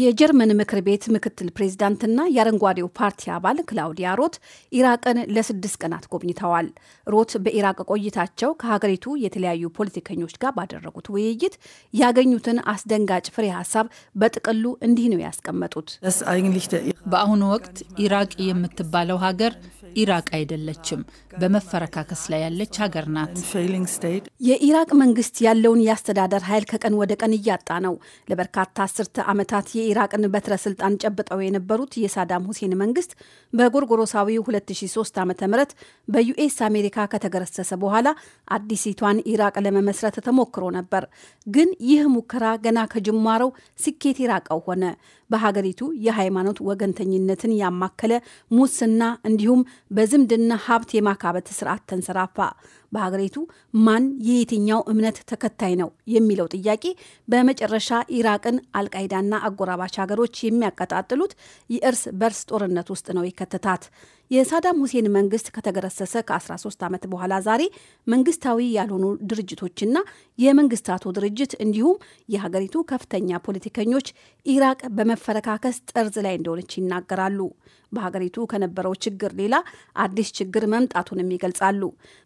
የጀርመን ምክር ቤት ምክትል ፕሬዚዳንትና የአረንጓዴው ፓርቲ አባል ክላውዲያ ሮት ኢራቅን ለስድስት ቀናት ጎብኝተዋል። ሮት በኢራቅ ቆይታቸው ከሀገሪቱ የተለያዩ ፖለቲከኞች ጋር ባደረጉት ውይይት ያገኙትን አስደንጋጭ ፍሬ ሀሳብ በጥቅሉ እንዲህ ነው ያስቀመጡት። በአሁኑ ወቅት ኢራቅ የምትባለው ሀገር ኢራቅ አይደለችም፣ በመፈረካከስ ላይ ያለች ሀገር ናት። የኢራቅ መንግስት ያለውን የአስተዳደር ኃይል ከቀን ወደ ቀን እያጣ ነው። ለበርካታ አስርተ ዓመታት የኢራቅን በትረ ስልጣን ጨብጠው የነበሩት የሳዳም ሁሴን መንግስት በጎርጎሮሳዊ 2003 ዓ ም በዩኤስ አሜሪካ ከተገረሰሰ በኋላ አዲሲቷን ኢራቅ ለመመስረት ተሞክሮ ነበር። ግን ይህ ሙከራ ገና ከጅማረው ስኬት የራቀው ሆነ። በሀገሪቱ የሃይማኖት ወገንተኝነትን ያማከለ ሙስና እንዲሁም በዝምድና ሀብት የማካበት ስርዓት ተንሰራፋ። በሀገሪቱ ማን የየትኛው እምነት ተከታይ ነው የሚለው ጥያቄ በመጨረሻ ኢራቅን አልቃይዳና አጎራባች ሀገሮች የሚያቀጣጥሉት የእርስ በርስ ጦርነት ውስጥ ነው የከተታት። የሳዳም ሁሴን መንግስት ከተገረሰሰ ከ13 ዓመት በኋላ ዛሬ መንግስታዊ ያልሆኑ ድርጅቶችና የመንግስታቱ ድርጅት እንዲሁም የሀገሪቱ ከፍተኛ ፖለቲከኞች ኢራቅ በመፈረካከስ ጠርዝ ላይ እንደሆነች ይናገራሉ። በሀገሪቱ ከነበረው ችግር ሌላ አዲስ ችግር መምጣቱንም ይገልጻሉ።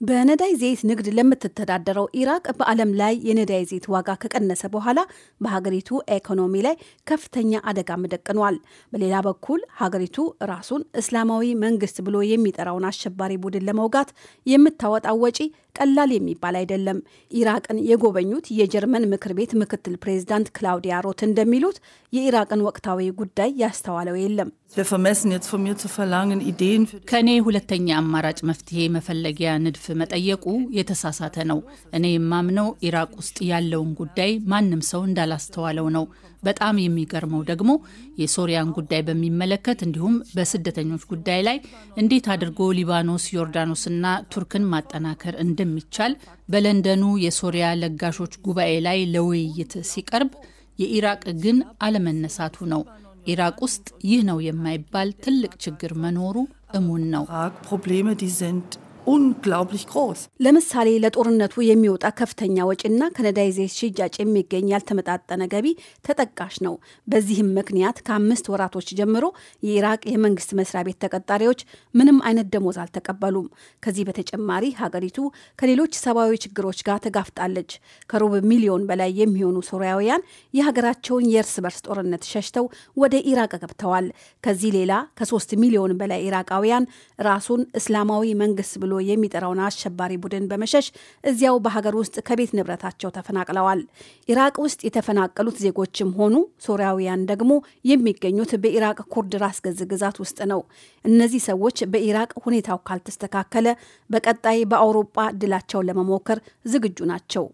በነዳይ ዘይት ንግድ ለምትተዳደረው ኢራቅ በዓለም ላይ የነዳይ ዘይት ዋጋ ከቀነሰ በኋላ በሀገሪቱ ኢኮኖሚ ላይ ከፍተኛ አደጋ መደቅኗል። በሌላ በኩል ሀገሪቱ ራሱን እስላማዊ መንግስት ብሎ የሚጠራውን አሸባሪ ቡድን ለመውጋት የምታወጣው ወጪ ቀላል የሚባል አይደለም። ኢራቅን የጎበኙት የጀርመን ምክር ቤት ምክትል ፕሬዚዳንት ክላውዲያ ሮት እንደሚሉት የኢራቅን ወቅታዊ ጉዳይ ያስተዋለው የለም። ከእኔ ሁለተኛ አማራጭ መፍትሄ መፈለጊያ ንድፍ መጠየቁ የተሳሳተ ነው። እኔ የማምነው ኢራቅ ውስጥ ያለውን ጉዳይ ማንም ሰው እንዳላስተዋለው ነው። በጣም የሚገርመው ደግሞ የሶሪያን ጉዳይ በሚመለከት እንዲሁም በስደተኞች ጉዳይ ላይ እንዴት አድርጎ ሊባኖስ፣ ዮርዳኖስና ቱርክን ማጠናከር እንደ እንደሚቻል በለንደኑ የሶሪያ ለጋሾች ጉባኤ ላይ ለውይይት ሲቀርብ የኢራቅ ግን አለመነሳቱ ነው። ኢራቅ ውስጥ ይህ ነው የማይባል ትልቅ ችግር መኖሩ እሙን ነው። unglaublich groß። ለምሳሌ ለጦርነቱ የሚወጣ ከፍተኛ ወጪና ከነዳይ ዘይት ሽያጭ የሚገኝ ያልተመጣጠነ ገቢ ተጠቃሽ ነው። በዚህም ምክንያት ከአምስት ወራቶች ጀምሮ የኢራቅ የመንግስት መስሪያ ቤት ተቀጣሪዎች ምንም አይነት ደሞዝ አልተቀበሉም። ከዚህ በተጨማሪ ሀገሪቱ ከሌሎች ሰብአዊ ችግሮች ጋር ተጋፍጣለች። ከሩብ ሚሊዮን በላይ የሚሆኑ ሶሪያውያን የሀገራቸውን የእርስ በርስ ጦርነት ሸሽተው ወደ ኢራቅ ገብተዋል። ከዚህ ሌላ ከሶስት ሚሊዮን በላይ ኢራቃውያን ራሱን እስላማዊ መንግስት ብሎ ብሎ የሚጠራውን አሸባሪ ቡድን በመሸሽ እዚያው በሀገር ውስጥ ከቤት ንብረታቸው ተፈናቅለዋል። ኢራቅ ውስጥ የተፈናቀሉት ዜጎችም ሆኑ ሶሪያውያን ደግሞ የሚገኙት በኢራቅ ኩርድ ራስ ገዝ ግዛት ውስጥ ነው። እነዚህ ሰዎች በኢራቅ ሁኔታው ካልተስተካከለ በቀጣይ በአውሮጳ ድላቸውን ለመሞከር ዝግጁ ናቸው።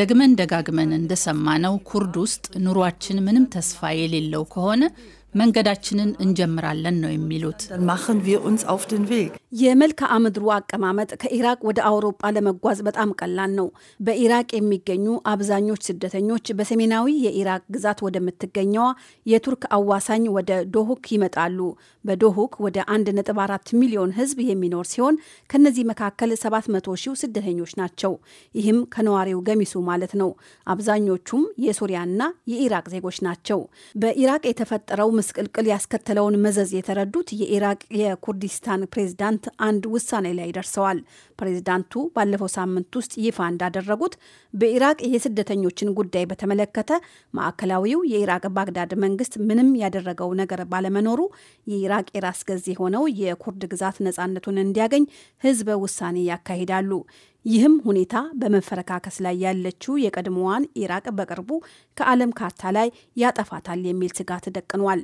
ደግመን ደጋግመን እንደሰማነው ኩርድ ውስጥ ኑሯችን ምንም ተስፋ የሌለው ከሆነ መንገዳችንን እንጀምራለን ነው የሚሉት። የመልክዓ ምድሩ አቀማመጥ ከኢራቅ ወደ አውሮፓ ለመጓዝ በጣም ቀላል ነው። በኢራቅ የሚገኙ አብዛኞች ስደተኞች በሰሜናዊ የኢራቅ ግዛት ወደምትገኘዋ የቱርክ አዋሳኝ ወደ ዶሁክ ይመጣሉ። በዶሁክ ወደ 1.4 ሚሊዮን ሕዝብ የሚኖር ሲሆን ከነዚህ መካከል 700 ሺው ስደተኞች ናቸው። ይህም ከነዋሪው ገሚሱ ማለት ነው። አብዛኞቹም የሱሪያና የኢራቅ ዜጎች ናቸው። በኢራቅ የተፈጠረው ምስቅልቅል ያስከተለውን መዘዝ የተረዱት የኢራቅ የኩርዲስታን ፕሬዝዳንት አንድ ውሳኔ ላይ ደርሰዋል። ፕሬዝዳንቱ ባለፈው ሳምንት ውስጥ ይፋ እንዳደረጉት በኢራቅ የስደተኞችን ጉዳይ በተመለከተ ማዕከላዊው የኢራቅ ባግዳድ መንግስት ምንም ያደረገው ነገር ባለመኖሩ የኢራቅ የራስ ገዝ የሆነው የኩርድ ግዛት ነጻነቱን እንዲያገኝ ህዝበ ውሳኔ ያካሂዳሉ። ይህም ሁኔታ በመፈረካከስ ላይ ያለችው የቀድሞዋን ኢራቅ በቅርቡ ከዓለም ካርታ ላይ ያጠፋታል የሚል ስጋት ደቅኗል።